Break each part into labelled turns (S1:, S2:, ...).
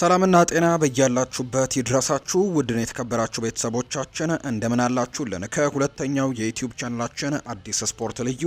S1: ሰላምና ጤና በያላችሁበት ይድረሳችሁ ውድን የተከበራችሁ ቤተሰቦቻችን እንደምን አላችሁልን? ከሁለተኛው የዩትዩብ ቻናላችን አዲስ ስፖርት ልዩ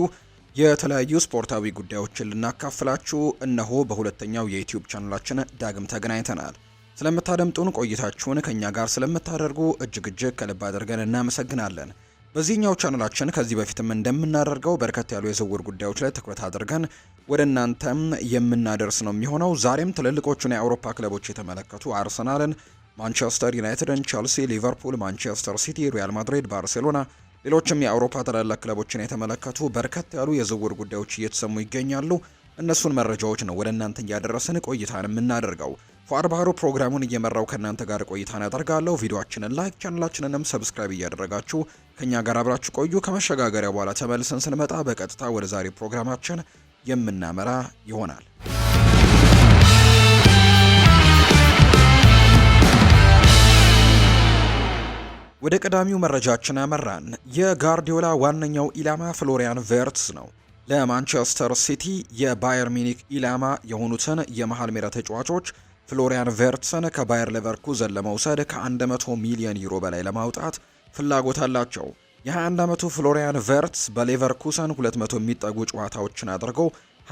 S1: የተለያዩ ስፖርታዊ ጉዳዮችን ልናካፍላችሁ እነሆ በሁለተኛው የዩትዩብ ቻናላችን ዳግም ተገናኝተናል። ስለምታደምጡን ቆይታችሁን ከእኛ ጋር ስለምታደርጉ እጅግ እጅግ ከልብ አድርገን እናመሰግናለን። በዚህኛው ቻናላችን ከዚህ በፊትም እንደምናደርገው በርከት ያሉ የዝውውር ጉዳዮች ላይ ትኩረት አድርገን ወደ እናንተም የምናደርስ ነው የሚሆነው። ዛሬም ትልልቆቹን የአውሮፓ ክለቦች የተመለከቱ አርሰናልን፣ ማንቸስተር ዩናይትድን፣ ቸልሲ፣ ሊቨርፑል፣ ማንቸስተር ሲቲ፣ ሪያል ማድሪድ፣ ባርሴሎና ሌሎችም የአውሮፓ ታላላቅ ክለቦችን የተመለከቱ በርከት ያሉ የዝውውር ጉዳዮች እየተሰሙ ይገኛሉ። እነሱን መረጃዎች ነው ወደ እናንተ እያደረስን ቆይታን የምናደርገው። ፏር ባህሩ ፕሮግራሙን እየመራው ከእናንተ ጋር ቆይታን አደርጋለሁ። ቪዲዮችንን ላይክ፣ ቻናላችንንም ሰብስክራይብ እያደረጋችሁ ከእኛ ጋር አብራችሁ ቆዩ። ከመሸጋገሪያ በኋላ ተመልሰን ስንመጣ በቀጥታ ወደ ዛሬ ፕሮግራማችን የምናመራ ይሆናል። ወደ ቀዳሚው መረጃችን አመራን። የጋርዲዮላ ዋነኛው ኢላማ ፍሎሪያን ቬርትስ ነው። ለማንቸስተር ሲቲ የባየር ሚኒክ ኢላማ የሆኑትን የመሃል ሜዳ ተጫዋቾች ፍሎሪያን ቬርትስን ከባየር ሌቨርኩዘን ለመውሰድ ከ100 ሚሊዮን ዩሮ በላይ ለማውጣት ፍላጎት አላቸው። የ21 ዓመቱ ፍሎሪያን ቨርትስ በሌቨርኩሰን 200 የሚጠጉ ጨዋታዎችን አድርጎ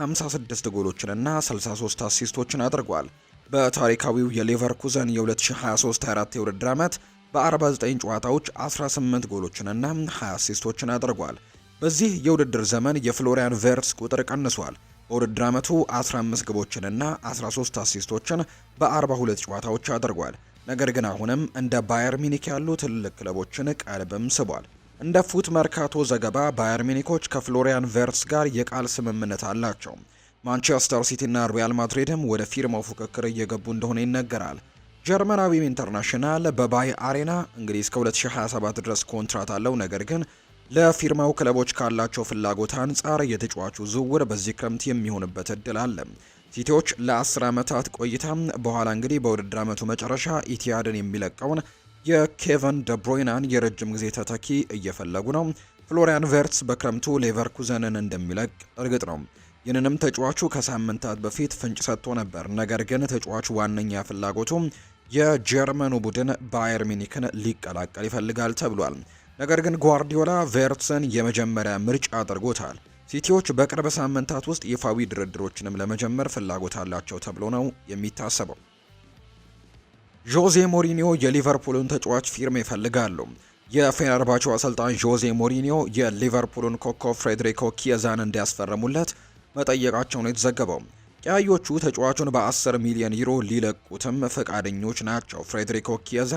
S1: 56 ጎሎችንና 63 አሲስቶችን አድርጓል። በታሪካዊው የሌቨርኩዘን የ2023/24 የውድድር ዓመት በ49 ጨዋታዎች 18 ጎሎችንና 20 አሲስቶችን አድርጓል። በዚህ የውድድር ዘመን የፍሎሪያን ቨርትስ ቁጥር ቀንሷል። በውድድር ዓመቱ 15 ግቦችንና 13 አሲስቶችን በ42 ጨዋታዎች አድርጓል። ነገር ግን አሁንም እንደ ባየር ሚኒክ ያሉ ትልልቅ ክለቦችን ቀልብም ስቧል። እንደ ፉት መርካቶ ዘገባ ባየር ሚኒኮች ከፍሎሪያን ቨርትስ ጋር የቃል ስምምነት አላቸው። ማንቸስተር ሲቲና ሪያል ማድሪድም ወደ ፊርማው ፉክክር እየገቡ እንደሆነ ይነገራል። ጀርመናዊው ኢንተርናሽናል በባይ አሬና እንግዲህ እስከ 2027 ድረስ ኮንትራት አለው። ነገር ግን ለፊርማው ክለቦች ካላቸው ፍላጎት አንጻር የተጫዋቹ ዝውውር በዚህ ክረምት የሚሆንበት እድል አለ። ሲቲዎች ለ10 ዓመታት ቆይታ በኋላ እንግዲህ በውድድር ዓመቱ መጨረሻ ኢቲያድን የሚለቀውን የኬቨን ደብሮይናን የረጅም ጊዜ ተተኪ እየፈለጉ ነው። ፍሎሪያን ቨርትስ በክረምቱ ሌቨርኩዘንን እንደሚለቅ እርግጥ ነው። ይህንንም ተጫዋቹ ከሳምንታት በፊት ፍንጭ ሰጥቶ ነበር። ነገር ግን ተጫዋቹ ዋነኛ ፍላጎቱ የጀርመኑ ቡድን ባየር ሚኒክን ሊቀላቀል ይፈልጋል ተብሏል። ነገር ግን ጓርዲዮላ ቬርትስን የመጀመሪያ ምርጫ አድርጎታል። ሲቲዎች በቅርብ ሳምንታት ውስጥ ይፋዊ ድርድሮችንም ለመጀመር ፍላጎት አላቸው ተብሎ ነው የሚታሰበው። ጆዜ ሞሪኒዮ የሊቨርፑልን ተጫዋች ፊርም ይፈልጋሉ። የፌነርባቾ አሰልጣኝ ጆዜ ሞሪኒዮ የሊቨርፑልን ኮከብ ፍሬድሪኮ ኪየዛን እንዲያስፈርሙለት መጠየቃቸው ነው የተዘገበው። ቀያዮቹ ተጫዋቹን በ10 ሚሊዮን ዩሮ ሊለቁትም ፈቃደኞች ናቸው። ፍሬድሪኮ ኪየዛ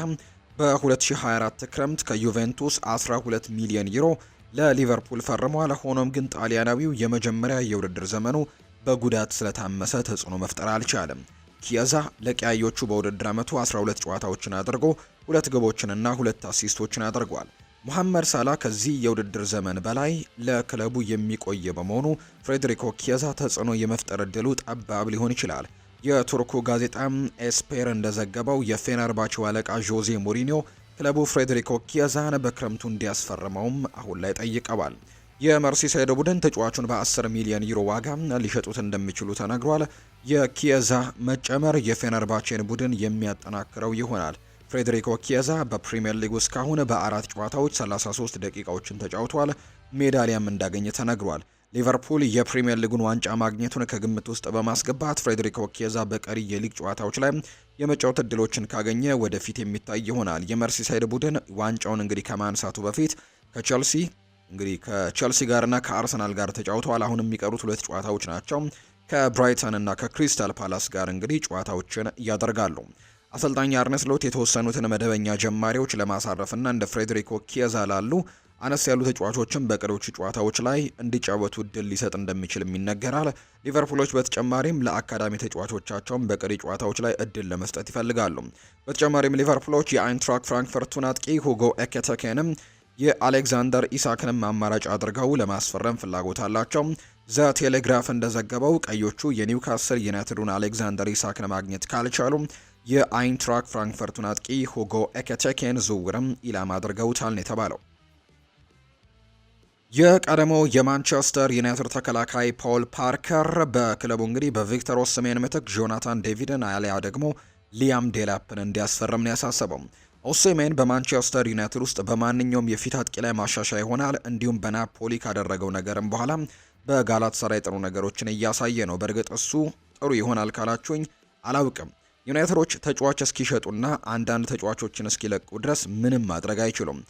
S1: በ2024 ክረምት ከዩቬንቱስ 12 ሚሊዮን ዩሮ ለሊቨርፑል ፈርሟል። ሆኖም ግን ጣሊያናዊው የመጀመሪያ የውድድር ዘመኑ በጉዳት ስለታመሰ ተጽዕኖ መፍጠር አልቻለም። ኪያዛ ለቀያዮቹ በውድድር ዓመቱ 12 ጨዋታዎችን አድርጎ ሁለት ግቦችንና ሁለት አሲስቶችን አድርጓል። ሙሐመድ ሳላ ከዚህ የውድድር ዘመን በላይ ለክለቡ የሚቆይ በመሆኑ ፍሬድሪኮ ኪያዛ ተጽዕኖ የመፍጠር እድሉ ጠባብ ሊሆን ይችላል። የቱርኩ ጋዜጣም ኤስፔር እንደዘገበው የፌነርባቸው አለቃ ዦዜ ሞሪኒዮ ክለቡ ፍሬድሪኮ ኪያዛን በክረምቱ እንዲያስፈርመውም አሁን ላይ ጠይቀዋል። የመርሲሳይዶ ቡድን ተጫዋቹን በ10 ሚሊዮን ዩሮ ዋጋ ሊሸጡት እንደሚችሉ ተነግሯል። የኪየዛ መጨመር የፌነርባቼን ቡድን የሚያጠናክረው ይሆናል። ፍሬዴሪኮ ኪየዛ በፕሪምየር ሊግ እስካሁን በአራት ጨዋታዎች 33 ደቂቃዎችን ተጫውቷል። ሜዳሊያም እንዳገኘ ተነግሯል። ሊቨርፑል የፕሪምየር ሊጉን ዋንጫ ማግኘቱን ከግምት ውስጥ በማስገባት ፍሬዴሪኮ ኪየዛ በቀሪ የሊግ ጨዋታዎች ላይ የመጫወት እድሎችን ካገኘ ወደፊት የሚታይ ይሆናል። የመርሲሳይድ ቡድን ዋንጫውን እንግዲህ ከማንሳቱ በፊት ከቸልሲ እንግዲህ ከቼልሲ ጋርና ከአርሰናል ጋር ተጫውተዋል። አሁን የሚቀሩት ሁለት ጨዋታዎች ናቸው። ከብራይተን እና ከክሪስታል ፓላስ ጋር እንግዲህ ጨዋታዎችን ያደርጋሉ። አሰልጣኝ አርነ ስሎት የተወሰኑትን መደበኛ ጀማሪዎች ለማሳረፍና እንደ ፍሬድሪኮ ኪየዛ ላሉ አነስ ያሉ ተጫዋቾችን በቀሪዎቹ ጨዋታዎች ላይ እንዲጫወቱ እድል ሊሰጥ እንደሚችል ይነገራል። ሊቨርፑሎች በተጨማሪም ለአካዳሚ ተጫዋቾቻቸውን በቀሪ ጨዋታዎች ላይ እድል ለመስጠት ይፈልጋሉ። በተጨማሪም ሊቨርፑሎች የአይንትራክ ፍራንክፈርቱን አጥቂ ሁጎ ኤኬተኬንም የአሌክዛንደር ኢሳክንም አማራጭ አድርገው ለማስፈረም ፍላጎት አላቸው። ዘ ቴሌግራፍ እንደዘገበው ቀዮቹ የኒውካስል ዩናይትዱን አሌክዛንደር ኢሳክን ማግኘት ካልቻሉ የአይንትራክ ፍራንክፈርቱን አጥቂ ሁጎ ኤከቴኬን ዝውውርም ኢላማ አድርገውታል የተባለው የቀደሞ የማንቸስተር ዩናይትድ ተከላካይ ፖል ፓርከር በክለቡ እንግዲህ በቪክተር ኦስሜን ምትክ ጆናታን ዴቪድን አሊያ ደግሞ ሊያም ዴላፕን እንዲያስፈርም ነው ያሳሰበው። ኦሴሜን በማንቸስተር ዩናይትድ ውስጥ በማንኛውም የፊት አጥቂ ላይ ማሻሻ ይሆናል። እንዲሁም በናፖሊ ካደረገው ነገርም በኋላ በጋላት ሰራይ ጥሩ ነገሮችን እያሳየ ነው። በእርግጥ እሱ ጥሩ ይሆናል ካላችሁኝ አላውቅም። ዩናይትዶች ተጫዋች እስኪሸጡና አንዳንድ ተጫዋቾችን እስኪለቁ ድረስ ምንም ማድረግ አይችሉም።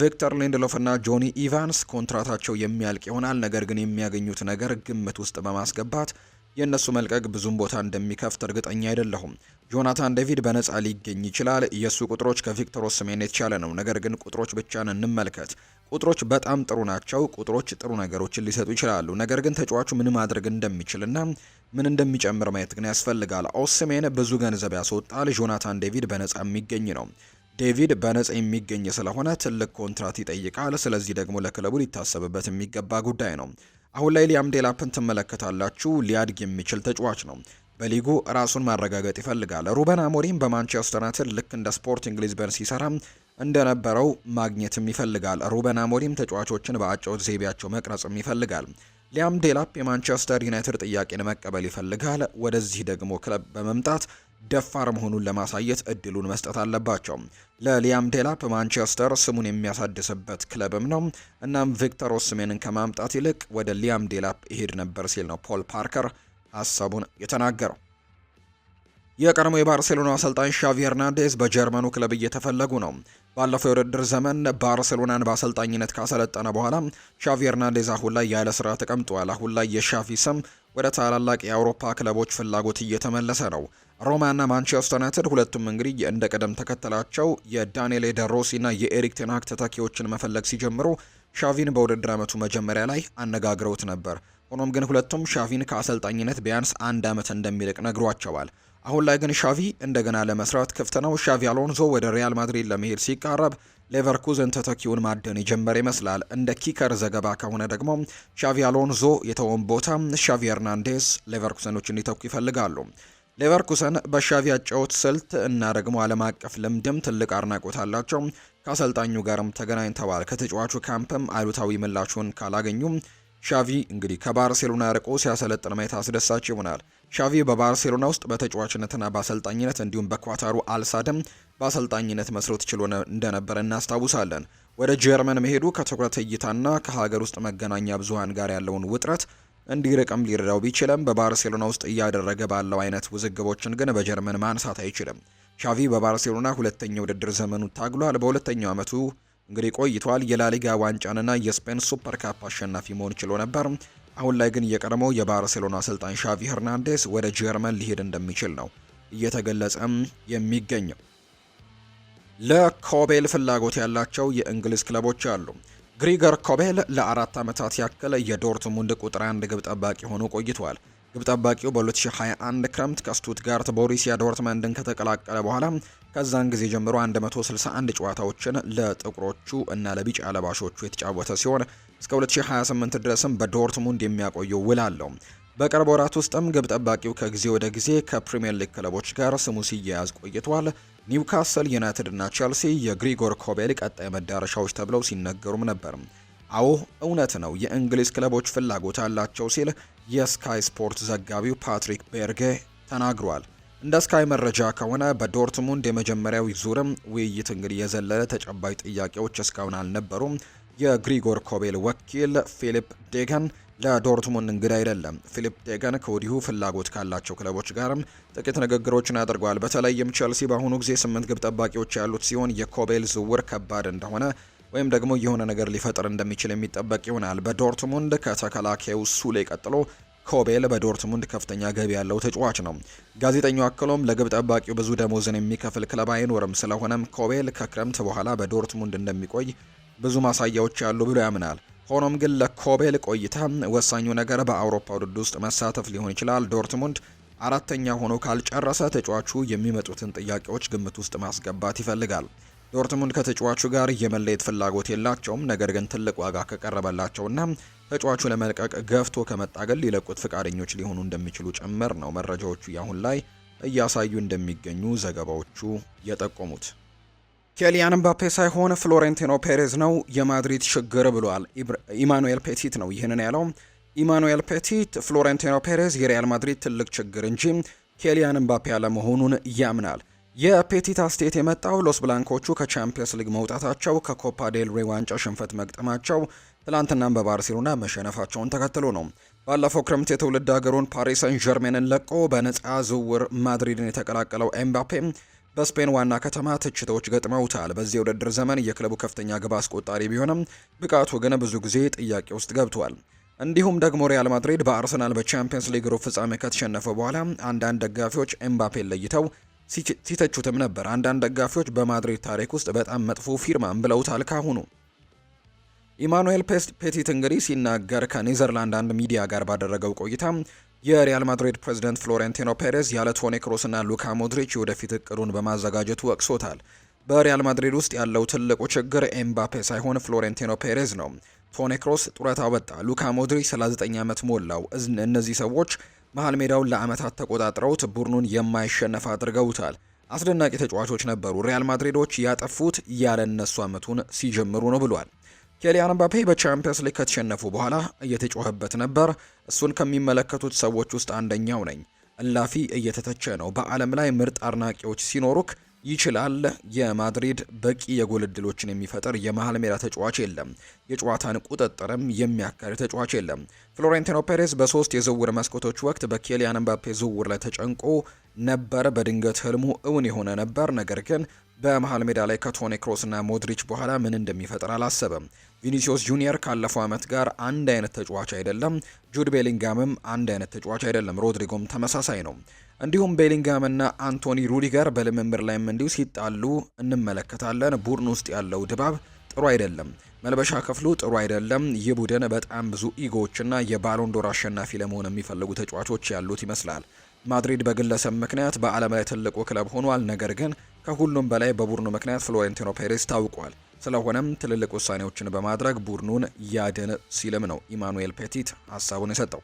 S1: ቪክተር ሊንድሎፍና ጆኒ ኢቫንስ ኮንትራታቸው የሚያልቅ ይሆናል። ነገር ግን የሚያገኙት ነገር ግምት ውስጥ በማስገባት የእነሱ መልቀቅ ብዙም ቦታ እንደሚከፍት እርግጠኛ አይደለሁም። ጆናታን ዴቪድ በነጻ ሊገኝ ይችላል። የእሱ ቁጥሮች ከቪክቶር ኦስሜን የተሻለ ነው። ነገር ግን ቁጥሮች ብቻን እንመልከት። ቁጥሮች በጣም ጥሩ ናቸው። ቁጥሮች ጥሩ ነገሮችን ሊሰጡ ይችላሉ። ነገር ግን ተጫዋቹ ምን ማድረግ እንደሚችልና ምን እንደሚጨምር ማየት ግን ያስፈልጋል። ኦስሜን ብዙ ገንዘብ ያስወጣል። ጆናታን ዴቪድ በነጻ የሚገኝ ነው። ዴቪድ በነጻ የሚገኝ ስለሆነ ትልቅ ኮንትራት ይጠይቃል። ስለዚህ ደግሞ ለክለቡ ሊታሰብበት የሚገባ ጉዳይ ነው። አሁን ላይ ሊያም ዴላፕን ትመለከታላችሁ። ሊያድግ የሚችል ተጫዋች ነው። በሊጉ ራሱን ማረጋገጥ ይፈልጋል። ሩበን አሞሪም በማንቸስተር ዩናይትድ ልክ እንደ ስፖርቲንግ ሊዝበን ሲሰራ እንደነበረው ማግኘትም ይፈልጋል። ሩበን አሞሪም ተጫዋቾችን በአጨዋወት ዘይቤያቸው መቅረጽም ይፈልጋል። ሊያም ዴላፕ የማንቸስተር ዩናይትድ ጥያቄን መቀበል ይፈልጋል። ወደዚህ ደግሞ ክለብ በመምጣት ደፋር መሆኑን ለማሳየት እድሉን መስጠት አለባቸው። ለሊያም ዴላፕ ማንቸስተር ስሙን የሚያሳድስበት ክለብም ነው። እናም ቪክተር ኦስሜንን ከማምጣት ይልቅ ወደ ሊያም ዴላፕ ይሄድ ነበር ሲል ነው ፖል ፓርከር ሀሳቡን የተናገረው። የቀድሞ የባርሴሎና አሰልጣኝ ሻቪ ሄርናንዴዝ በጀርመኑ ክለብ እየተፈለጉ ነው። ባለፈው የውድድር ዘመን ባርሴሎናን በአሰልጣኝነት ካሰለጠነ በኋላ ሻቪ ሄርናንዴዝ አሁን ላይ ያለ ስራ ተቀምጧል። አሁን ላይ የሻቪ ስም ወደ ታላላቅ የአውሮፓ ክለቦች ፍላጎት እየተመለሰ ነው። ሮማና ማንቸስተር ዩናይትድ ሁለቱም እንግዲህ እንደ ቀደም ተከተላቸው የዳንኤል ደሮሲና የኤሪክ ቴናክ ተተኪዎችን መፈለግ ሲጀምሩ ሻቪን በውድድር ዓመቱ መጀመሪያ ላይ አነጋግረውት ነበር። ሆኖም ግን ሁለቱም ሻቪን ከአሰልጣኝነት ቢያንስ አንድ ዓመት እንደሚልቅ ነግሯቸዋል። አሁን ላይ ግን ሻቪ እንደገና ለመስራት ክፍት ነው። ሻቪ አሎንዞ ወደ ሪያል ማድሪድ ለመሄድ ሲቃረብ ሌቨርኩዘን ተተኪውን ማደን የጀመረ ይመስላል። እንደ ኪከር ዘገባ ከሆነ ደግሞ ሻቪ አሎንዞ የተወን ቦታ ሻቪ ሄርናንዴስ ሌቨርኩዘኖች እንዲተኩ ይፈልጋሉ። ሌቨርኩሰን በሻቪ አጫወት ስልት እና ደግሞ ዓለም አቀፍ ልምድም ትልቅ አድናቆት አላቸው። ከአሰልጣኙ ጋርም ተገናኝተዋል። ከተጫዋቹ ካምፕም አሉታዊ ምላሹን ካላገኙም ሻቪ እንግዲህ ከባርሴሎና ርቆ ሲያሰለጥን ማየት አስደሳች ይሆናል። ሻቪ በባርሴሎና ውስጥ በተጫዋችነትና በአሰልጣኝነት እንዲሁም በኳታሩ አልሳድም በአሰልጣኝነት መስሮት ችሎ እንደነበረ እናስታውሳለን። ወደ ጀርመን መሄዱ ከትኩረት እይታና ከሀገር ውስጥ መገናኛ ብዙሃን ጋር ያለውን ውጥረት እንዲርቅም ሊረዳው ቢችልም በባርሴሎና ውስጥ እያደረገ ባለው አይነት ውዝግቦችን ግን በጀርመን ማንሳት አይችልም። ሻቪ በባርሴሎና ሁለተኛ ውድድር ዘመኑ ታግሏል። በሁለተኛው ዓመቱ እንግዲህ ቆይቷል። የላሊጋ ዋንጫንና የስፔን ሱፐር ካፕ አሸናፊ መሆን ችሎ ነበር። አሁን ላይ ግን የቀድሞው የባርሴሎና አሰልጣኝ ሻቪ ሄርናንዴስ ወደ ጀርመን ሊሄድ እንደሚችል ነው እየተገለጸም የሚገኘው። ለኮቤል ፍላጎት ያላቸው የእንግሊዝ ክለቦች አሉ። ግሪገር ኮቤል ለአራት ዓመታት ያክል የዶርትሙንድ ቁጥር አንድ ግብ ጠባቂ ሆኖ ቆይቷል። ግብ ጠባቂው በ2021 ክረምት ከስቱትጋርት ቦሪሲያ ዶርትመንድን ከተቀላቀለ በኋላ ከዛን ጊዜ ጀምሮ 161 ጨዋታዎችን ለጥቁሮቹ እና ለቢጫ ለባሾቹ የተጫወተ ሲሆን እስከ 2028 ድረስም በዶርትሙንድ የሚያቆየው ውል አለው። በቅርብ ወራት ውስጥም ግብ ጠባቂው ከጊዜ ወደ ጊዜ ከፕሪምየር ሊግ ክለቦች ጋር ስሙ ሲያያዝ ቆይቷል። ኒውካስል ዩናይትድ እና ቼልሲ የግሪጎር ኮቤል ቀጣይ መዳረሻዎች ተብለው ሲነገሩም ነበር። አዎ እውነት ነው፣ የእንግሊዝ ክለቦች ፍላጎት አላቸው ሲል የስካይ ስፖርት ዘጋቢው ፓትሪክ ቤርጌ ተናግሯል። እንደ ስካይ መረጃ ከሆነ በዶርትሙንድ የመጀመሪያው ዙርም ውይይት እንግዲህ የዘለለ ተጨባጭ ጥያቄዎች እስካሁን አልነበሩም። የግሪጎር ኮቤል ወኪል ፊሊፕ ዴገን ለዶርትሙንድ እንግዳ አይደለም። ፊሊፕ ዴገን ከወዲሁ ፍላጎት ካላቸው ክለቦች ጋርም ጥቂት ንግግሮችን አድርጓል። በተለይም ቸልሲ በአሁኑ ጊዜ ስምንት ግብ ጠባቂዎች ያሉት ሲሆን የኮቤል ዝውውር ከባድ እንደሆነ ወይም ደግሞ የሆነ ነገር ሊፈጥር እንደሚችል የሚጠበቅ ይሆናል። በዶርትሙንድ ከተከላካዩ ሱሌ ቀጥሎ ኮቤል በዶርትሙንድ ከፍተኛ ገቢ ያለው ተጫዋች ነው። ጋዜጠኛው አክሎም ለግብ ጠባቂው ብዙ ደሞዝን የሚከፍል ክለብ አይኖርም። ስለሆነም ኮቤል ከክረምት በኋላ በዶርትሙንድ እንደሚቆይ ብዙ ማሳያዎች ያሉ ብሎ ያምናል። ሆኖም ግን ለኮቤል ቆይታ ወሳኙ ነገር በአውሮፓ ውድድር ውስጥ መሳተፍ ሊሆን ይችላል። ዶርትሙንድ አራተኛ ሆኖ ካልጨረሰ ተጫዋቹ የሚመጡትን ጥያቄዎች ግምት ውስጥ ማስገባት ይፈልጋል። ዶርትሙንድ ከተጫዋቹ ጋር የመለየት ፍላጎት የላቸውም። ነገር ግን ትልቅ ዋጋ ከቀረበላቸውና ተጫዋቹ ለመልቀቅ ገፍቶ ከመጣ ግን ሊለቁት ፈቃደኞች ሊሆኑ እንደሚችሉ ጭምር ነው መረጃዎቹ ያሁን ላይ እያሳዩ እንደሚገኙ ዘገባዎቹ የጠቆሙት። ኬሊያን ምባፔ ሳይሆን ፍሎሬንቲኖ ፔሬዝ ነው የማድሪድ ችግር ብሏል። ኢማኑኤል ፔቲት ነው ይህንን ያለው። ኢማኑኤል ፔቲት ፍሎሬንቲኖ ፔሬዝ የሪያል ማድሪድ ትልቅ ችግር እንጂ ኬሊያን ምባፔ ያለመሆኑን ያምናል። የፔቲት አስተያየት የመጣው ሎስ ብላንኮቹ ከቻምፒየንስ ሊግ መውጣታቸው ከኮፓ ዴል ሬ ዋንጫ ሽንፈት መግጠማቸው ትላንትናም በባርሴሎና መሸነፋቸውን ተከትሎ ነው። ባለፈው ክረምት የትውልድ ሀገሩን ፓሪስ ሰን ዠርሜንን ለቆ በነፃ ዝውውር ማድሪድን የተቀላቀለው ኤምባፔ በስፔን ዋና ከተማ ትችቶች ገጥመውታል። በዚህ የውድድር ዘመን የክለቡ ከፍተኛ ግብ አስቆጣሪ ቢሆንም ብቃቱ ግን ብዙ ጊዜ ጥያቄ ውስጥ ገብቷል። እንዲሁም ደግሞ ሪያል ማድሪድ በአርሰናል በቻምፒየንስ ሊግ ሩብ ፍጻሜ ከተሸነፈ በኋላ አንዳንድ ደጋፊዎች ኤምባፔን ለይተው ሲተቹትም ነበር። አንዳንድ ደጋፊዎች በማድሪድ ታሪክ ውስጥ በጣም መጥፎ ፊርማም ብለውታል። ካሁኑ ኢማኑኤል ፔቲት እንግዲህ ሲናገር ከኔዘርላንድ አንድ ሚዲያ ጋር ባደረገው ቆይታ የሪያል ማድሪድ ፕሬዚደንት ፍሎሬንቲኖ ፔሬዝ ያለ ቶኒ ክሮስና ሉካ ሞድሪች የወደፊት እቅዱን በማዘጋጀቱ ወቅሶታል። በሪያል ማድሪድ ውስጥ ያለው ትልቁ ችግር ኤምባፔ ሳይሆን ፍሎሬንቲኖ ፔሬዝ ነው። ቶኒ ክሮስ ጡረታ ወጣ፣ ሉካ ሞድሪች 39 ዓመት ሞላው። እነዚህ ሰዎች መሀል ሜዳውን ለዓመታት ተቆጣጥረውት ቡድኑን የማይሸነፍ አድርገውታል። አስደናቂ ተጫዋቾች ነበሩ። ሪያል ማድሪዶች ያጠፉት ያለ እነሱ ዓመቱን ሲጀምሩ ነው ብሏል። ኬሊያን ምባፔ በቻምፒየንስ ሊግ ከተሸነፉ በኋላ እየተጮኸበት ነበር። እሱን ከሚመለከቱት ሰዎች ውስጥ አንደኛው ነኝ። እላፊ እየተተቸ ነው። በዓለም ላይ ምርጥ አድናቂዎች ሲኖሩክ ይችላል። የማድሪድ በቂ የጎል እድሎችን የሚፈጥር የመሀል ሜዳ ተጫዋች የለም። የጨዋታን ቁጥጥርም የሚያካሂድ ተጫዋች የለም። ፍሎሬንቲኖ ፔሬዝ በሶስት የዝውውር መስኮቶች ወቅት በኬሊያን ምባፔ ዝውውር ላይ ተጨንቆ ነበር። በድንገት ህልሙ እውን የሆነ ነበር። ነገር ግን በመሀል ሜዳ ላይ ከቶኒ ክሮስና ሞድሪች በኋላ ምን እንደሚፈጥር አላሰበም። ቪኒሲዮስ ጁኒየር ካለፈው ዓመት ጋር አንድ አይነት ተጫዋች አይደለም። ጁድ ቤሊንጋምም አንድ አይነት ተጫዋች አይደለም። ሮድሪጎም ተመሳሳይ ነው። እንዲሁም ቤሊንጋምና አንቶኒ ሩዲገር በልምምድ ላይም እንዲሁ ሲጣሉ እንመለከታለን። ቡድን ውስጥ ያለው ድባብ ጥሩ አይደለም። መልበሻ ክፍሉ ጥሩ አይደለም። ይህ ቡድን በጣም ብዙ ኢጎዎችና የባሎንዶር አሸናፊ ለመሆን የሚፈልጉ ተጫዋቾች ያሉት ይመስላል። ማድሪድ በግለሰብ ምክንያት በዓለም ላይ ትልቁ ክለብ ሆኗል። ነገር ግን ከሁሉም በላይ በቡድኑ ምክንያት ፍሎሬንቲኖ ፔሬስ ታውቋል። ስለሆነም ትልልቅ ውሳኔዎችን በማድረግ ቡድኑን ያድን ሲልም ነው ኢማኑኤል ፔቲት ሀሳቡን የሰጠው።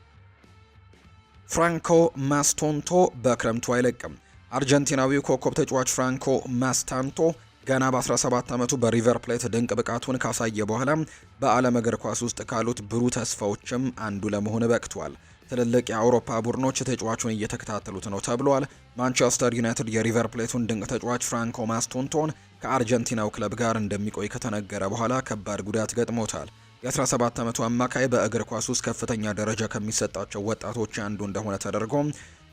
S1: ፍራንኮ ማስቶንቶ በክረምቱ አይለቅም። አርጀንቲናዊው ኮከብ ተጫዋች ፍራንኮ ማስታንቶ ገና በ17 ዓመቱ በሪቨር ፕሌት ድንቅ ብቃቱን ካሳየ በኋላ በዓለም እግር ኳስ ውስጥ ካሉት ብሩህ ተስፋዎችም አንዱ ለመሆን በቅቷል። ትልልቅ የአውሮፓ ቡድኖች ተጫዋቹን እየተከታተሉት ነው ተብሏል። ማንቸስተር ዩናይትድ የሪቨር ፕሌቱን ድንቅ ተጫዋች ፍራንኮ ማስቶንቶን ከአርጀንቲናው ክለብ ጋር እንደሚቆይ ከተነገረ በኋላ ከባድ ጉዳት ገጥሞታል። የ17 ዓመቱ አማካይ በእግር ኳስ ውስጥ ከፍተኛ ደረጃ ከሚሰጣቸው ወጣቶች አንዱ እንደሆነ ተደርጎ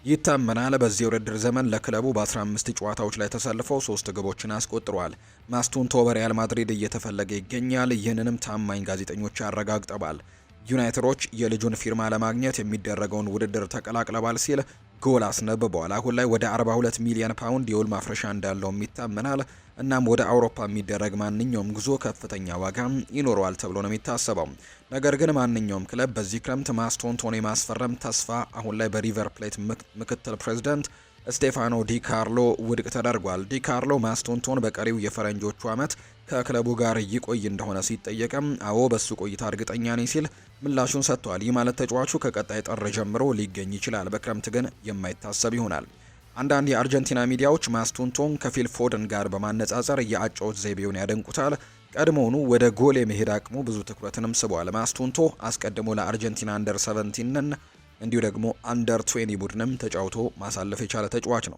S1: ይታመናል። በዚህ ውድድር ዘመን ለክለቡ በ15 ጨዋታዎች ላይ ተሰልፎ ሶስት ግቦችን አስቆጥሯል። ማስቱንቶ በሪያል ማድሪድ እየተፈለገ ይገኛል። ይህንንም ታማኝ ጋዜጠኞች አረጋግጠዋል ዩናይትዶች የልጁን ፊርማ ለማግኘት የሚደረገውን ውድድር ተቀላቅለዋል ሲል ጎል አስነብበዋል። አሁን ላይ ወደ 42 ሚሊዮን ፓውንድ የውል ማፍረሻ እንዳለውም ይታመናል። እናም ወደ አውሮፓ የሚደረግ ማንኛውም ጉዞ ከፍተኛ ዋጋ ይኖረዋል ተብሎ ነው የሚታሰበው። ነገር ግን ማንኛውም ክለብ በዚህ ክረምት ማስቶንቶን የማስፈረም ተስፋ አሁን ላይ በሪቨር ፕሌት ምክትል ፕሬዚደንት ስቴፋኖ ዲካርሎ ውድቅ ተደርጓል። ዲካርሎ ማስቶንቶን በቀሪው የፈረንጆቹ ዓመት ከክለቡ ጋር ይቆይ እንደሆነ ሲጠየቅም አዎ በሱ ቆይታ እርግጠኛ ነኝ ሲል ምላሹን ሰጥቷል። ይህ ማለት ተጫዋቹ ከቀጣይ ጥር ጀምሮ ሊገኝ ይችላል፣ በክረምት ግን የማይታሰብ ይሆናል። አንዳንድ የአርጀንቲና ሚዲያዎች ማስቱንቶን ከፊል ፎደን ጋር በማነጻጸር የአጨዋወት ዘይቤውን ያደንቁታል። ቀድሞውኑ ወደ ጎል የመሄድ አቅሙ ብዙ ትኩረትንም ስቧል። ማስቱንቶ አስቀድሞ ለአርጀንቲና አንደር ሰቨንቲንን እንዲሁ ደግሞ አንደር ትዌኒ ቡድንም ተጫውቶ ማሳለፍ የቻለ ተጫዋች ነው።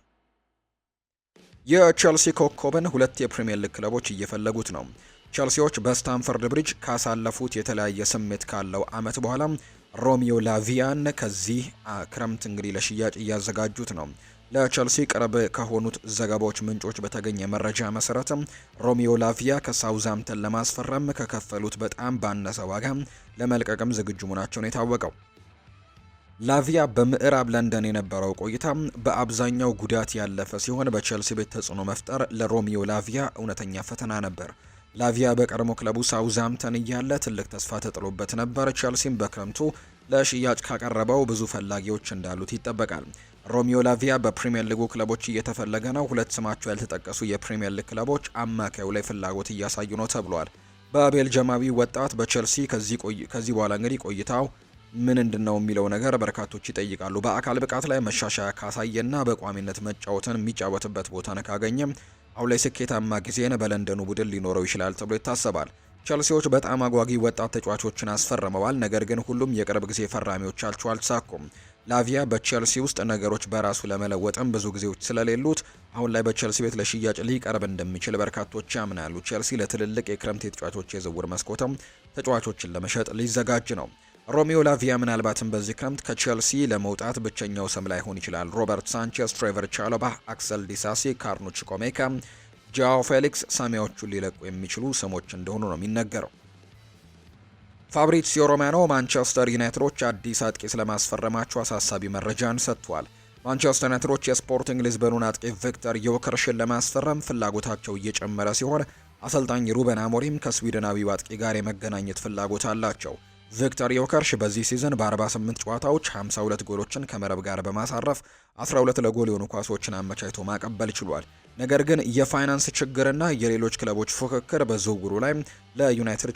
S1: የቼልሲ ኮከብን ሁለት የፕሪምየር ሊግ ክለቦች እየፈለጉት ነው። ቼልሲዎች በስታንፈርድ ብሪጅ ካሳለፉት የተለያየ ስሜት ካለው አመት በኋላ ሮሚዮ ላቪያን ከዚህ ክረምት እንግዲህ ለሽያጭ እያዘጋጁት ነው። ለቸልሲ ቅርብ ከሆኑት ዘገባዎች ምንጮች በተገኘ መረጃ መሰረትም ሮሚዮ ላቪያ ከሳውዛምተን ለማስፈረም ከከፈሉት በጣም ባነሰ ዋጋ ለመልቀቅም ዝግጁ መሆናቸውን የታወቀው ላቪያ በምዕራብ ለንደን የነበረው ቆይታ በአብዛኛው ጉዳት ያለፈ ሲሆን በቼልሲ ቤት ተጽዕኖ መፍጠር ለሮሚዮ ላቪያ እውነተኛ ፈተና ነበር። ላቪያ በቀድሞ ክለቡ ሳውዛምተን እያለ ትልቅ ተስፋ ተጥሎበት ነበር። ቼልሲም በክረምቱ ለሽያጭ ካቀረበው ብዙ ፈላጊዎች እንዳሉት ይጠበቃል። ሮሚዮ ላቪያ በፕሪምየር ሊጉ ክለቦች እየተፈለገ ነው። ሁለት ስማቸው ያልተጠቀሱ የፕሪምየር ሊግ ክለቦች አማካዩ ላይ ፍላጎት እያሳዩ ነው ተብሏል። በቤልጅማዊ ወጣት በቼልሲ ከዚህ በኋላ እንግዲህ ቆይታው ምንድን ነው የሚለው ነገር በርካቶች ይጠይቃሉ። በአካል ብቃት ላይ መሻሻያ ካሳየና በቋሚነት መጫወትን የሚጫወትበት ቦታን ካገኘ አሁን ላይ ስኬታማ ጊዜን በለንደኑ ቡድን ሊኖረው ይችላል ተብሎ ይታሰባል። ቸልሲዎች በጣም አጓጊ ወጣት ተጫዋቾችን አስፈርመዋል። ነገር ግን ሁሉም የቅርብ ጊዜ ፈራሚዎቻቸው አልተሳኩም። ላቪያ በቸልሲ ውስጥ ነገሮች በራሱ ለመለወጥም ብዙ ጊዜዎች ስለሌሉት አሁን ላይ በቸልሲ ቤት ለሽያጭ ሊቀርብ እንደሚችል በርካቶች ያምናሉ። ቸልሲ ለትልልቅ የክረምት የተጫዋቾች የዝውውር መስኮተም ተጫዋቾችን ለመሸጥ ሊዘጋጅ ነው። ሮሚዮ ላቪያ ምናልባትም በዚህ ክረምት ከቼልሲ ለመውጣት ብቸኛው ስም ላይሆን ይችላል። ሮበርት ሳንቼስ፣ ትሬቨር ቻሎባ፣ አክሰል ዲሳሲ፣ ካርኖች ኮሜካ፣ ጃኦ ፌሊክስ ሳሚያዎቹን ሊለቁ የሚችሉ ስሞች እንደሆኑ ነው የሚነገረው። ፋብሪሲዮ ሮማኖ ማንቸስተር ዩናይትዶች አዲስ አጥቂ ስለማስፈረማቸው አሳሳቢ መረጃን ሰጥቷል። ማንቸስተር ዩናይትዶች የስፖርቲንግ ሊዝበኑን አጥቂ ቪክተር ዮከርሽን ለማስፈረም ፍላጎታቸው እየጨመረ ሲሆን አሰልጣኝ ሩበን አሞሪም ከስዊድናዊው አጥቂ ጋር የመገናኘት ፍላጎት አላቸው። ቪክተር ዮከርሽ በዚህ ሲዝን በ48 ጨዋታዎች 52 ጎሎችን ከመረብ ጋር በማሳረፍ 12 ለጎል የሆኑ ኳሶችን አመቻችቶ ማቀበል ችሏል። ነገር ግን የፋይናንስ ችግርና የሌሎች ክለቦች ፉክክር በዝውውሩ ላይ ለዩናይትድ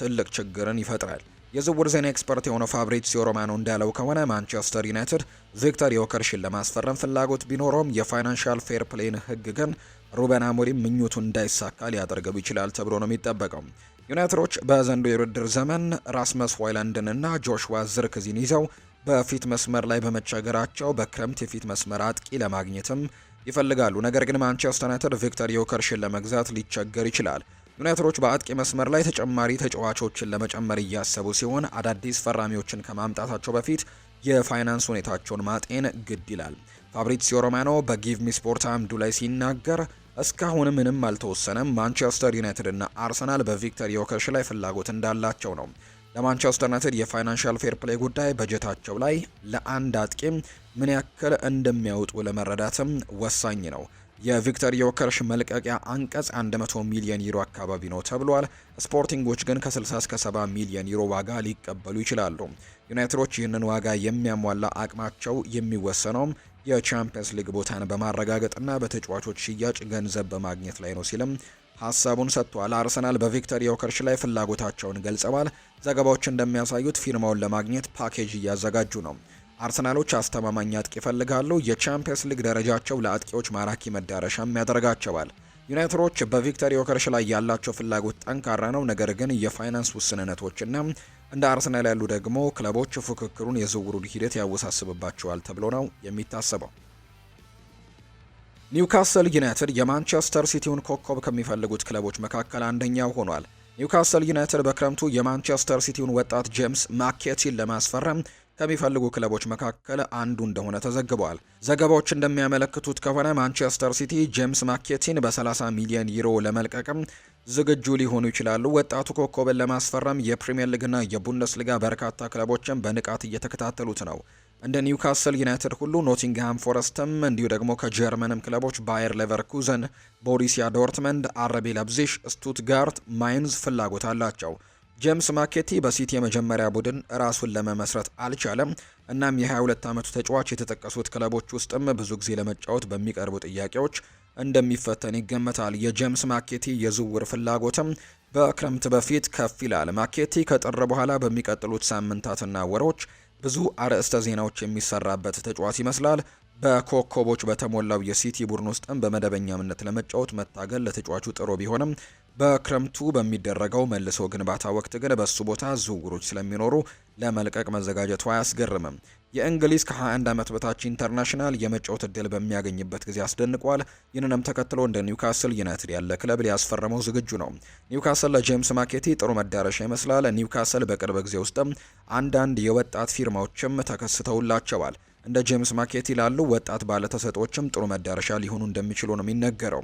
S1: ትልቅ ችግርን ይፈጥራል። የዝውውር ዜና ኤክስፐርት የሆነው ፋብሪዚዮ ሮማኖ እንዳለው ከሆነ ማንቸስተር ዩናይትድ ቪክተር ዮከርሽን ለማስፈረም ፍላጎት ቢኖረውም የፋይናንሻል ፌር ፕሌን ህግ ግን ሩበን አሞሪም ምኞቱ እንዳይሳካ ሊያደርገው ይችላል ተብሎ ነው የሚጠበቀው። ዩናይትዶች በዘንዶ የውድድር ዘመን ራስመስ ሆይላንድንና ጆሽዋ ዝርክዚን ይዘው በፊት መስመር ላይ በመቸገራቸው በክረምት የፊት መስመር አጥቂ ለማግኘትም ይፈልጋሉ። ነገር ግን ማንቸስተር ዩናይትድ ቪክተር ዮከርሽን ለመግዛት ሊቸገር ይችላል። ዩናይትዶች በአጥቂ መስመር ላይ ተጨማሪ ተጫዋቾችን ለመጨመር እያሰቡ ሲሆን አዳዲስ ፈራሚዎችን ከማምጣታቸው በፊት የፋይናንስ ሁኔታቸውን ማጤን ግድ ይላል። ፋብሪዚዮ ሮማኖ በጊቭ ሚ ስፖርት አምዱ ላይ ሲናገር እስካሁን ምንም አልተወሰነም። ማንቸስተር ዩናይትድ እና አርሰናል በቪክተር ዮከሽ ላይ ፍላጎት እንዳላቸው ነው። ለማንቸስተር ዩናይትድ የፋይናንሻል ፌር ፕሌይ ጉዳይ በጀታቸው ላይ ለአንድ አጥቂም ምን ያክል እንደሚያወጡ ለመረዳትም ወሳኝ ነው። የቪክተር ዮከርሽ መልቀቂያ አንቀጽ 100 ሚሊዮን ዩሮ አካባቢ ነው ተብሏል። ስፖርቲንጎች ግን ከ60 እስከ 70 ሚሊዮን ዩሮ ዋጋ ሊቀበሉ ይችላሉ። ዩናይትዶች ይህንን ዋጋ የሚያሟላ አቅማቸው የሚወሰነውም የቻምፒየንስ ሊግ ቦታን በማረጋገጥና በተጫዋቾች ሽያጭ ገንዘብ በማግኘት ላይ ነው ሲልም ሀሳቡን ሰጥቷል። አርሰናል በቪክተር ዮከርሽ ላይ ፍላጎታቸውን ገልጸዋል። ዘገባዎች እንደሚያሳዩት ፊርማውን ለማግኘት ፓኬጅ እያዘጋጁ ነው። አርሰናሎች አስተማማኝ አጥቂ ይፈልጋሉ። የቻምፒየንስ ሊግ ደረጃቸው ለአጥቂዎች ማራኪ መዳረሻም ያደርጋቸዋል። ዩናይትዶች በቪክተር ዮከርሽ ላይ ያላቸው ፍላጎት ጠንካራ ነው፣ ነገር ግን የፋይናንስ ውስንነቶችና እንደ አርሰናል ያሉ ደግሞ ክለቦች ፉክክሩን የዝውውሩን ሂደት ያወሳስብባቸዋል ተብሎ ነው የሚታሰበው። ኒውካስል ዩናይትድ የማንቸስተር ሲቲውን ኮከብ ከሚፈልጉት ክለቦች መካከል አንደኛው ሆኗል። ኒውካስል ዩናይትድ በክረምቱ የማንቸስተር ሲቲውን ወጣት ጄምስ ማኬቲን ለማስፈረም ከሚፈልጉ ክለቦች መካከል አንዱ እንደሆነ ተዘግቧል። ዘገባዎች እንደሚያመለክቱት ከሆነ ማንቸስተር ሲቲ ጄምስ ማኬቲን በ30 ሚሊዮን ዩሮ ለመልቀቅም ዝግጁ ሊሆኑ ይችላሉ። ወጣቱ ኮከብን ለማስፈረም የፕሪምየር ሊግና የቡንደስሊጋ በርካታ ክለቦችን በንቃት እየተከታተሉት ነው። እንደ ኒውካስል ዩናይትድ ሁሉ ኖቲንግሃም ፎረስትም እንዲሁ ደግሞ ከጀርመንም ክለቦች ባየር ሌቨርኩዘን፣ ቦሪሲያ ዶርትመንድ፣ አረቤ ለብዚሽ፣ ስቱትጋርት፣ ማይንዝ ፍላጎት አላቸው። ጄምስ ማኬቲ በሲቲ የመጀመሪያ ቡድን ራሱን ለመመስረት አልቻለም። እናም የ22 ዓመቱ ተጫዋች የተጠቀሱት ክለቦች ውስጥም ብዙ ጊዜ ለመጫወት በሚቀርቡ ጥያቄዎች እንደሚፈተን ይገመታል። የጄምስ ማኬቲ የዝውውር ፍላጎትም በክረምት በፊት ከፍ ይላል። ማኬቲ ከጥር በኋላ በሚቀጥሉት ሳምንታትና ወሮች ብዙ አርዕስተ ዜናዎች የሚሰራበት ተጫዋች ይመስላል። በኮከቦች በተሞላው የሲቲ ቡድን ውስጥም በመደበኛነት ለመጫወት መታገል ለተጫዋቹ ጥሩ ቢሆንም በክረምቱ በሚደረገው መልሶ ግንባታ ወቅት ግን በሱ ቦታ ዝውውሮች ስለሚኖሩ ለመልቀቅ መዘጋጀቱ አያስገርምም። የእንግሊዝ ከ21 ዓመት በታች ኢንተርናሽናል የመጫወት እድል በሚያገኝበት ጊዜ አስደንቋል። ይህንንም ተከትሎ እንደ ኒውካስል ዩናይትድ ያለ ክለብ ሊያስፈርመው ዝግጁ ነው። ኒውካስል ለጄምስ ማኬቲ ጥሩ መዳረሻ ይመስላል። ኒውካስል በቅርብ ጊዜ ውስጥም አንዳንድ የወጣት ፊርማዎችም ተከስተውላቸዋል። እንደ ጄምስ ማኬቲ ላሉ ወጣት ባለተሰጦችም ጥሩ መዳረሻ ሊሆኑ እንደሚችሉ ነው የሚነገረው።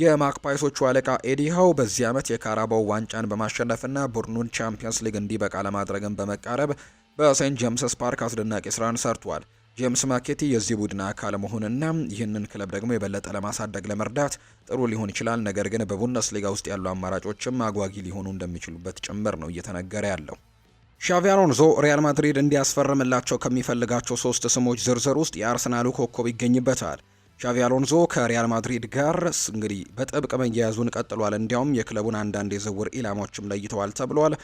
S1: የማክፓይሶቹ አለቃ ኤዲ ሃው በዚህ ዓመት የካራባው ዋንጫን በማሸነፍና ቡድኑን ቻምፒየንስ ሊግ እንዲበቃ ለማድረግን በመቃረብ በሴንት ጄምስስ ፓርክ አስደናቂ ስራን ሰርቷል። ጄምስ ማኬቲ የዚህ ቡድን አካል መሆንና ይህንን ክለብ ደግሞ የበለጠ ለማሳደግ ለመርዳት ጥሩ ሊሆን ይችላል። ነገር ግን በቡንደስሊጋ ውስጥ ያሉ አማራጮችም አጓጊ ሊሆኑ እንደሚችሉበት ጭምር ነው እየተነገረ ያለው። ሻቪ አሎንሶ ሪያል ማድሪድ እንዲያስፈርምላቸው ከሚፈልጋቸው ሶስት ስሞች ዝርዝር ውስጥ የአርሰናሉ ኮከብ ይገኝበታል። ሻቪ አሎንሶ ከሪያል ማድሪድ ጋር እንግዲህ በጥብቅ መያያዙን ቀጥሏል። እንዲያውም የክለቡን አንዳንድ የዝውውር ኢላማዎችም ለይተዋል ተብሏል።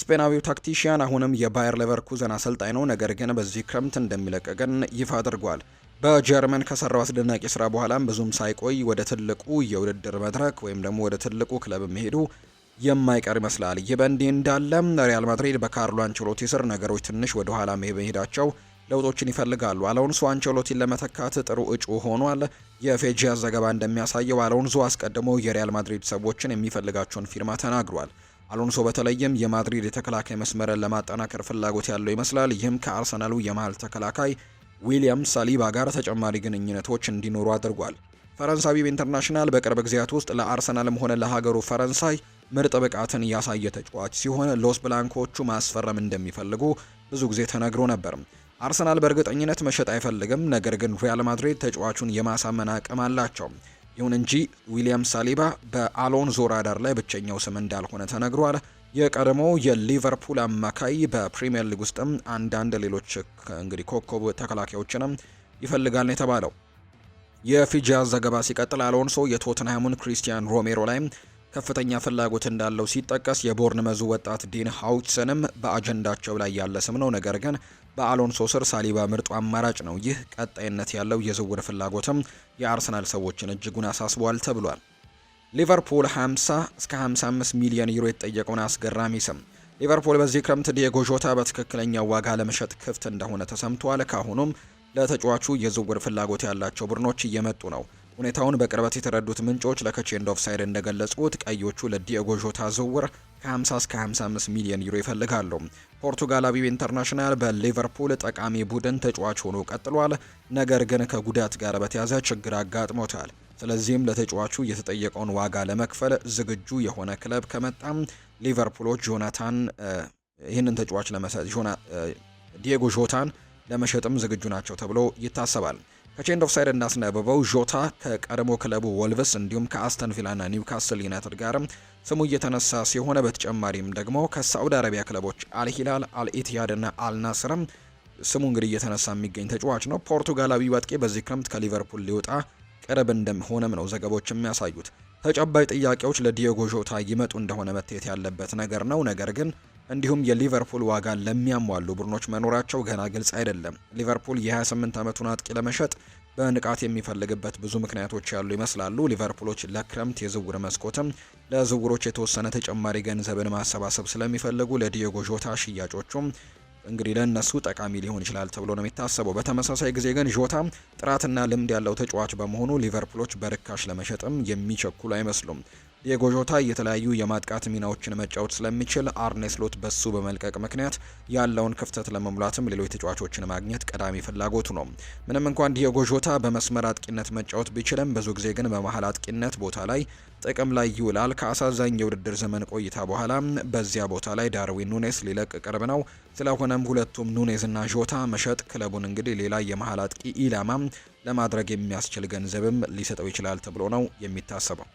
S1: ስፔናዊው ታክቲሽያን አሁንም የባየር ሌቨርኩዘን አሰልጣኝ ነው፣ ነገር ግን በዚህ ክረምት እንደሚለቅ ግን ይፋ አድርጓል። በጀርመን ከሰራው አስደናቂ ስራ በኋላም ብዙም ሳይቆይ ወደ ትልቁ የውድድር መድረክ ወይም ደግሞ ወደ ትልቁ ክለብ መሄዱ የማይቀር ይመስላል። ይህ በእንዲህ እንዳለም ሪያል ማድሪድ በካርሎ አንቸሎቲ ስር ነገሮች ትንሽ ወደ ኋላ መሄዳቸው ለውጦችን ይፈልጋሉ። አሎንሶ አንቸሎቲን ለመተካት ጥሩ እጩ ሆኗል። የፌጂያ ዘገባ እንደሚያሳየው አሎንሶ አስቀድሞ የሪያል ማድሪድ ሰዎችን የሚፈልጋቸውን ፊርማ ተናግሯል። አሎንሶ በተለይም የማድሪድ የተከላካይ መስመርን ለማጠናከር ፍላጎት ያለው ይመስላል። ይህም ከአርሰናሉ የመሃል ተከላካይ ዊሊያም ሳሊባ ጋር ተጨማሪ ግንኙነቶች እንዲኖሩ አድርጓል። ፈረንሳዊው ኢንተርናሽናል በቅርብ ጊዜያት ውስጥ ለአርሰናልም ሆነ ለሀገሩ ፈረንሳይ ምርጥ ብቃትን እያሳየ ተጫዋች ሲሆን ሎስ ብላንኮቹ ማስፈረም እንደሚፈልጉ ብዙ ጊዜ ተነግሮ ነበር። አርሰናል በእርግጠኝነት መሸጥ አይፈልግም፣ ነገር ግን ሪያል ማድሪድ ተጫዋቹን የማሳመን አቅም አላቸው። ይሁን እንጂ ዊሊያም ሳሊባ በአሎንዞ ራዳር ላይ ብቸኛው ስም እንዳልሆነ ተነግሯል። የቀድሞው የሊቨርፑል አማካይ በፕሪምየር ሊግ ውስጥም አንዳንድ ሌሎች እንግዲህ ኮከብ ተከላካዮችንም ይፈልጋል የተባለው። የፊጃ ዘገባ ሲቀጥል አሎንሶ የቶትንሃሙን ክሪስቲያን ሮሜሮ ላይም ከፍተኛ ፍላጎት እንዳለው ሲጠቀስ የቦርንመዙ ወጣት ዲን ሃውትሰንም በአጀንዳቸው ላይ ያለ ስም ነው። ነገር ግን በአሎንሶ ስር ሳሊባ ምርጡ አማራጭ ነው። ይህ ቀጣይነት ያለው የዝውውር ፍላጎትም የአርሰናል ሰዎችን እጅጉን አሳስቧል ተብሏል። ሊቨርፑል 50 እስከ 55 ሚሊዮን ዩሮ የተጠየቀውን አስገራሚ ስም ሊቨርፑል በዚህ ክረምት ዲዮጎ ጆታ በትክክለኛው ዋጋ ለመሸጥ ክፍት እንደሆነ ተሰምቷል። ካሁኑም ለተጫዋቹ የዝውውር ፍላጎት ያላቸው ቡድኖች እየመጡ ነው። ሁኔታውን በቅርበት የተረዱት ምንጮች ለከቼንድ ኦፍሳይድ እንደገለጹት ቀዮቹ ለዲኤጎ ዦታ ዝውውር ከ50 እስከ 55 ሚሊዮን ዩሮ ይፈልጋሉ። ፖርቱጋላዊው ኢንተርናሽናል በሊቨርፑል ጠቃሚ ቡድን ተጫዋች ሆኖ ቀጥሏል። ነገር ግን ከጉዳት ጋር በተያዘ ችግር አጋጥሞታል። ስለዚህም ለተጫዋቹ የተጠየቀውን ዋጋ ለመክፈል ዝግጁ የሆነ ክለብ ከመጣም ሊቨርፑሎች ጆናታን ይህንን ተጫዋች ዲየጎ ዦታን ለመሸጥም ዝግጁ ናቸው ተብሎ ይታሰባል። ከቼንድ ኦፍ ሳይድ እንዳስነበበው ዦታ ከቀድሞ ክለቡ ወልቭስ እንዲሁም ከአስተን ቪላና ኒውካስል ዩናይትድ ጋርም ስሙ እየተነሳ ሲሆን በተጨማሪም ደግሞ ከሳዑዲ አረቢያ ክለቦች አልሂላል፣ አልኢትያድ ና አልናስርም ስሙ እንግዲህ እየተነሳ የሚገኝ ተጫዋች ነው። ፖርቱጋላዊ አጥቂ በዚህ ክረምት ከሊቨርፑል ሊወጣ ቅርብ እንደሆነም ነው ዘገቦች የሚያሳዩት። ተጨባጭ ጥያቄዎች ለዲዮጎ ዦታ ይመጡ እንደሆነ መታየት ያለበት ነገር ነው። ነገር ግን እንዲሁም የሊቨርፑል ዋጋ ለሚያሟሉ ቡድኖች መኖራቸው ገና ግልጽ አይደለም። ሊቨርፑል የ28 ዓመቱን አጥቂ ለመሸጥ በንቃት የሚፈልግበት ብዙ ምክንያቶች ያሉ ይመስላሉ። ሊቨርፑሎች ለክረምት የዝውውር መስኮትም ለዝውሮች የተወሰነ ተጨማሪ ገንዘብን ማሰባሰብ ስለሚፈልጉ ለዲዮጎ ዦታ ሽያጮቹም እንግዲህ ለእነሱ ጠቃሚ ሊሆን ይችላል ተብሎ ነው የሚታሰበው። በተመሳሳይ ጊዜ ግን ዦታ ጥራትና ልምድ ያለው ተጫዋች በመሆኑ ሊቨርፑሎች በርካሽ ለመሸጥም የሚቸኩሉ አይመስሉም። ዲየጎ ጆታ የተለያዩ የማጥቃት ሚናዎችን መጫወት ስለሚችል አርኔ ስሎት በሱ በመልቀቅ ምክንያት ያለውን ክፍተት ለመሙላትም ሌሎች ተጫዋቾችን ማግኘት ቀዳሚ ፍላጎቱ ነው። ምንም እንኳን ዲየጎ ጆታ በመስመር አጥቂነት መጫወት ቢችልም ብዙ ጊዜ ግን በመሀል አጥቂነት ቦታ ላይ ጥቅም ላይ ይውላል። ከአሳዛኝ የውድድር ዘመን ቆይታ በኋላ በዚያ ቦታ ላይ ዳርዊን ኑኔስ ሊለቅ ቅርብ ነው። ስለሆነም ሁለቱም ኑኔዝ እና ጆታ መሸጥ ክለቡን እንግዲህ ሌላ የመሀል አጥቂ ኢላማ ለማድረግ የሚያስችል ገንዘብም ሊሰጠው ይችላል ተብሎ ነው የሚታሰበው።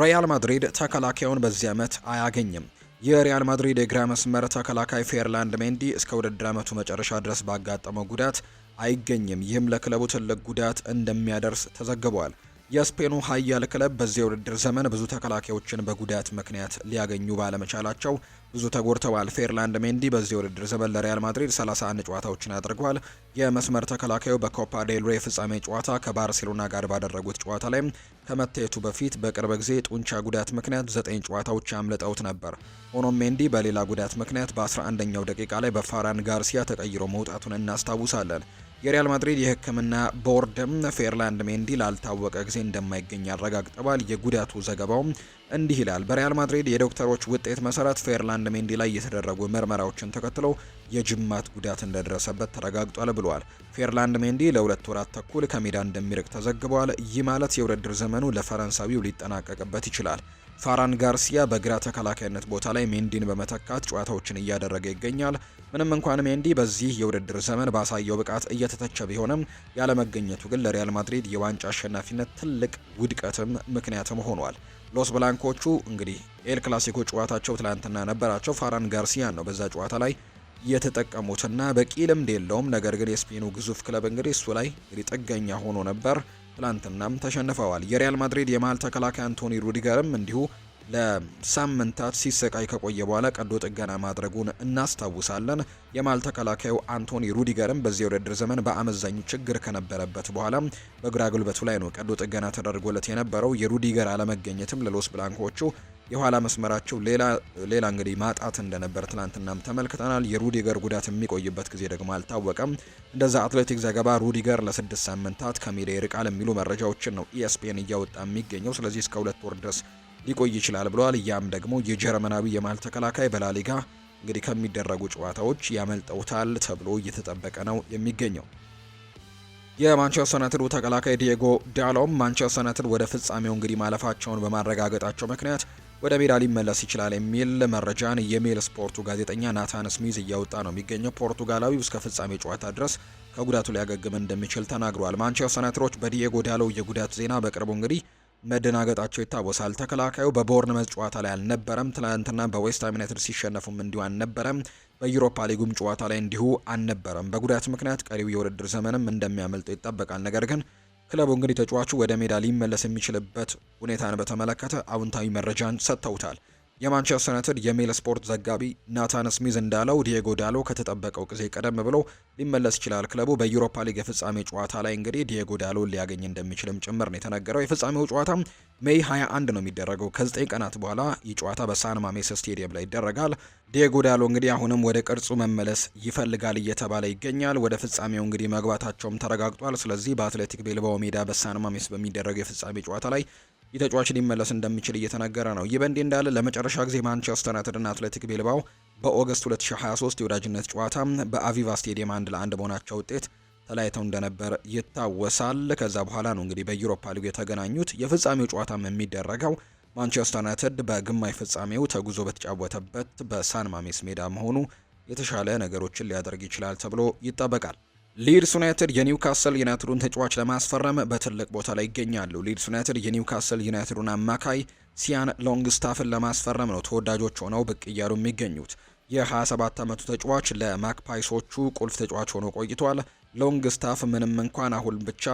S1: ሪያል ማድሪድ ተከላካዩን በዚህ ዓመት አያገኝም። የሪያል ማድሪድ የግራ መስመር ተከላካይ ፌርላንድ ሜንዲ እስከ ውድድር ዓመቱ መጨረሻ ድረስ ባጋጠመው ጉዳት አይገኝም። ይህም ለክለቡ ትልቅ ጉዳት እንደሚያደርስ ተዘግቧል። የስፔኑ ኃያል ክለብ በዚህ የውድድር ዘመን ብዙ ተከላካዮችን በጉዳት ምክንያት ሊያገኙ ባለመቻላቸው ብዙ ተጎድተዋል። ፌርላንድ ሜንዲ በዚህ የውድድር ዘመን ለሪያል ማድሪድ 31 ጨዋታዎችን አድርጓል። የመስመር ተከላካዩ በኮፓ ዴል ሬ ፍጻሜ ጨዋታ ከባርሴሎና ጋር ባደረጉት ጨዋታ ላይ ከመታየቱ በፊት በቅርብ ጊዜ ጡንቻ ጉዳት ምክንያት ዘጠኝ ጨዋታዎች አምልጠውት ነበር። ሆኖም ሜንዲ በሌላ ጉዳት ምክንያት በ11ኛው ደቂቃ ላይ በፋራን ጋርሲያ ተቀይሮ መውጣቱን እናስታውሳለን። የሪያል ማድሪድ የሕክምና ቦርድም ፌርላንድ ሜንዲ ላልታወቀ ጊዜ እንደማይገኝ ያረጋግጠዋል። የጉዳቱ ዘገባውም እንዲህ ይላል። በሪያል ማድሪድ የዶክተሮች ውጤት መሰረት ፌርላንድ ሜንዲ ላይ የተደረጉ ምርመራዎችን ተከትሎ የጅማት ጉዳት እንደደረሰበት ተረጋግጧል ብሏል። ፌርላንድ ሜንዲ ለሁለት ወራት ተኩል ከሜዳ እንደሚርቅ ተዘግቧል። ይህ ማለት የውድድር ዘመኑ ለፈረንሳዊው ሊጠናቀቅበት ይችላል። ፋራን ጋርሲያ በግራ ተከላካይነት ቦታ ላይ ሜንዲን በመተካት ጨዋታዎችን እያደረገ ይገኛል። ምንም እንኳን ሜንዲ በዚህ የውድድር ዘመን ባሳየው ብቃት እየተተቸ ቢሆንም ያለመገኘቱ ግን ለሪያል ማድሪድ የዋንጫ አሸናፊነት ትልቅ ውድቀትም ምክንያትም ሆኗል። ሎስ ብላንኮቹ እንግዲህ ኤል ክላሲኮ ጨዋታቸው ትላንትና ነበራቸው። ፋራን ጋርሲያን ነው በዛ ጨዋታ ላይ የተጠቀሙትና በቂ ልምድ የለውም። ነገር ግን የስፔኑ ግዙፍ ክለብ እንግዲህ እሱ ላይ እንግዲህ ጥገኛ ሆኖ ነበር። ትላንትናም ተሸንፈዋል። የሪያል ማድሪድ የመሃል ተከላካይ አንቶኒ ሩዲገርም እንዲሁ ለሳምንታት ሲሰቃይ ከቆየ በኋላ ቀዶ ጥገና ማድረጉን እናስታውሳለን። የማል ተከላካዩ አንቶኒ ሩዲገርም በዚህ ውድድር ዘመን በአመዛኙ ችግር ከነበረበት በኋላ በግራ ጉልበቱ ላይ ነው ቀዶ ጥገና ተደርጎለት የነበረው። የሩዲገር አለመገኘትም ለሎስ ብላንኮቹ የኋላ መስመራቸው ሌላ ሌላ እንግዲህ ማጣት እንደነበር ትናንትናም ተመልክተናል። የሩዲገር ጉዳት የሚቆይበት ጊዜ ደግሞ አልታወቀም። እንደዛ አትሌቲክ ዘገባ ሩዲገር ለስድስት ሳምንታት ከሜዳ ይርቃል የሚሉ መረጃዎችን ነው ኢኤስፒኤን እያወጣ የሚገኘው። ስለዚህ እስከ ሁለት ወር ድረስ ሊቆይ ይችላል ብለዋል። ያም ደግሞ የጀርመናዊ የማል ተከላካይ በላሊጋ እንግዲህ ከሚደረጉ ጨዋታዎች ያመልጠውታል ተብሎ እየተጠበቀ ነው የሚገኘው። የማንቸስተር ዩናይትድ ተከላካይ ዲየጎ ዳሎም ማንቸስተር ዩናይትድ ወደ ፍጻሜው እንግዲህ ማለፋቸውን በማረጋገጣቸው ምክንያት ወደ ሜዳ ሊመለስ ይችላል የሚል መረጃን የሜል ስፖርቱ ጋዜጠኛ ናታን ስሚዝ እያወጣ ነው የሚገኘው። ፖርቱጋላዊ እስከ ፍጻሜ ጨዋታ ድረስ ከጉዳቱ ሊያገግም እንደሚችል ተናግሯል። ማንቸስተር ዩናይትዶች በዲየጎ ዳሎ የጉዳት ዜና በቅርቡ እንግዲህ መደናገጣቸው ይታወሳል። ተከላካዩ በቦርንመዝ ጨዋታ ላይ አልነበረም። ትናንትና በዌስትሃም ዩናይትድ ሲሸነፉም እንዲሁ አልነበረም። በዩሮፓ ሊጉም ጨዋታ ላይ እንዲሁ አልነበረም። በጉዳት ምክንያት ቀሪው የውድድር ዘመንም እንደሚያመልጠው ይጠበቃል። ነገር ግን ክለቡ እንግዲህ ተጫዋቹ ወደ ሜዳ ሊመለስ የሚችልበት ሁኔታን በተመለከተ አውንታዊ መረጃን ሰጥተውታል። የማንቸስተር ዩናይትድ የሜል ስፖርት ዘጋቢ ናታን ስሚዝ እንዳለው ዲየጎ ዳሎ ከተጠበቀው ጊዜ ቀደም ብሎ ሊመለስ ይችላል። ክለቡ በዩሮፓ ሊግ የፍጻሜ ጨዋታ ላይ እንግዲህ ዲየጎ ዳሎን ሊያገኝ እንደሚችልም ጭምር ነው የተነገረው። የፍጻሜው ጨዋታ ሜይ 21 ነው የሚደረገው። ከ9 ቀናት በኋላ ይህ ጨዋታ በሳን ማሜስ ስቴዲየም ላይ ይደረጋል። ዲየጎ ዳሎ እንግዲህ አሁንም ወደ ቅርጹ መመለስ ይፈልጋል እየተባለ ይገኛል። ወደ ፍጻሜው እንግዲህ መግባታቸውም ተረጋግጧል። ስለዚህ በአትሌቲክ ቤልባው ሜዳ በሳን ማሜስ በሚደረገው የፍጻሜ ጨዋታ ላይ ተጫዋች ሊመለስ እንደሚችል እየተነገረ ነው። ይህ በእንዲህ እንዳለ ለመጨረሻ ጊዜ ማንቸስተር ዩናይትድና አትሌቲክ ቢልባው በኦገስት 2023 የወዳጅነት ጨዋታ በአቪቫ ስቴዲየም አንድ ለአንድ በሆናቸው ውጤት ተለያይተው እንደነበር ይታወሳል። ከዛ በኋላ ነው እንግዲህ በዩሮፓ ሊግ የተገናኙት። የፍጻሜው ጨዋታም የሚደረገው ማንቸስተር ዩናይትድ በግማሽ ፍጻሜው ተጉዞ በተጫወተበት በሳን ማሜስ ሜዳ መሆኑ የተሻለ ነገሮችን ሊያደርግ ይችላል ተብሎ ይጠበቃል። ሊድስ ዩናይትድ የኒውካስል ዩናይትዱን ተጫዋች ለማስፈረም በትልቅ ቦታ ላይ ይገኛሉ። ሊድስ ዩናይትድ የኒውካስል ዩናይትዱን አማካይ ሲያን ሎንግስታፍን ለማስፈረም ነው ተወዳጆች ሆነው ብቅ እያሉ የሚገኙት። የ27 ዓመቱ ተጫዋች ለማክፓይሶቹ ቁልፍ ተጫዋች ሆኖ ቆይቷል። ሎንግስታፍ ምንም እንኳን አሁን ብቻ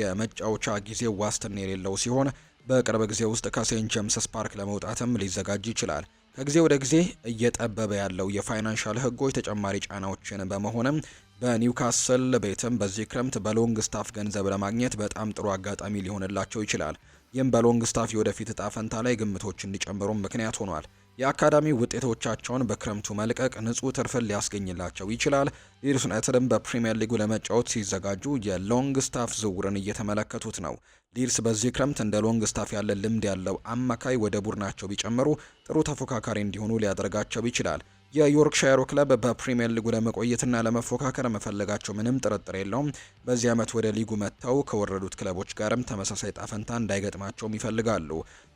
S1: የመጫወቻ ጊዜ ዋስትና የሌለው ሲሆን በቅርብ ጊዜ ውስጥ ከሴንት ጀምስስ ፓርክ ለመውጣትም ሊዘጋጅ ይችላል። ከጊዜ ወደ ጊዜ እየጠበበ ያለው የፋይናንሻል ህጎች ተጨማሪ ጫናዎችን በመሆንም በኒውካስል ቤትም በዚህ ክረምት በሎንግ ስታፍ ገንዘብ ለማግኘት በጣም ጥሩ አጋጣሚ ሊሆንላቸው ይችላል። ይህም በሎንግ ስታፍ የወደፊት እጣ ፈንታ ላይ ግምቶች እንዲጨምሩ ምክንያት ሆኗል። የአካዳሚ ውጤቶቻቸውን በክረምቱ መልቀቅ ንጹህ ትርፍን ሊያስገኝላቸው ይችላል። ሊድስ ዩናይትድም በፕሪምየር ሊጉ ለመጫወት ሲዘጋጁ የሎንግ ስታፍ ዝውውርን እየተመለከቱት ነው። ሊድስ በዚህ ክረምት እንደ ሎንግ ስታፍ ያለ ልምድ ያለው አማካይ ወደ ቡድናቸው ቢጨምሩ ጥሩ ተፎካካሪ እንዲሆኑ ሊያደርጋቸው ይችላል። የዮርክሻየሩ ክለብ በፕሪምየር ሊጉ ለመቆየትና ለመፎካከር መፈለጋቸው ምንም ጥርጥር የለውም። በዚህ ዓመት ወደ ሊጉ መጥተው ከወረዱት ክለቦች ጋርም ተመሳሳይ ጣፈንታ እንዳይገጥማቸውም ይፈልጋሉ።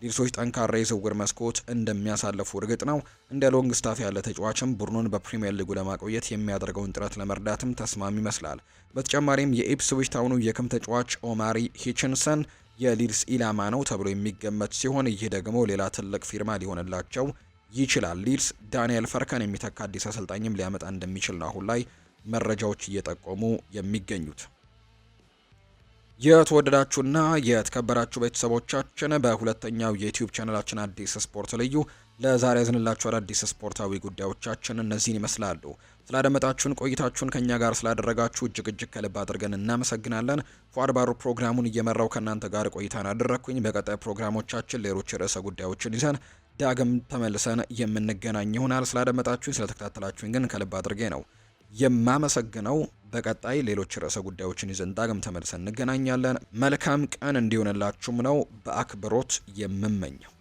S1: ሊድሶች ጠንካራ የዝውውር መስኮት እንደሚያሳልፉ እርግጥ ነው። እንደ ሎንግ ስታፍ ያለ ተጫዋችም ቡድኑን በፕሪምየር ሊጉ ለማቆየት የሚያደርገውን ጥረት ለመርዳትም ተስማሚ ይመስላል። በተጨማሪም የኢፕስዊች ታውኑ የክም ተጫዋች ኦማሪ ሂችንሰን የሊድስ ኢላማ ነው ተብሎ የሚገመት ሲሆን ይህ ደግሞ ሌላ ትልቅ ፊርማ ሊሆንላቸው ይችላል። ሊድስ ዳንኤል ፈርከን የሚተካ አዲስ አሰልጣኝም ሊያመጣ እንደሚችል ነው አሁን ላይ መረጃዎች እየጠቆሙ የሚገኙት። የተወደዳችሁና የተከበራችሁ ቤተሰቦቻችን በሁለተኛው የዩቲዩብ ቻናላችን አዲስ ስፖርት ልዩ ለዛሬ ያዝንላችሁ አዳዲስ ስፖርታዊ ጉዳዮቻችን እነዚህን ይመስላሉ። ስላደመጣችሁን ቆይታችሁን ከእኛ ጋር ስላደረጋችሁ እጅግ እጅግ ከልብ አድርገን እናመሰግናለን። ፏድ ፕሮግራሙን እየመራው ከእናንተ ጋር ቆይታን አደረግኩኝ። በቀጣይ ፕሮግራሞቻችን ሌሎች ርዕሰ ጉዳዮችን ይዘን ዳግም ተመልሰን የምንገናኝ ይሆናል። ስላደመጣችሁኝ፣ ስለተከታተላችሁኝ ግን ከልብ አድርጌ ነው የማመሰግነው። በቀጣይ ሌሎች ርዕሰ ጉዳዮችን ይዘን ዳግም ተመልሰን እንገናኛለን። መልካም ቀን እንዲሆንላችሁም ነው በአክብሮት የምመኘው።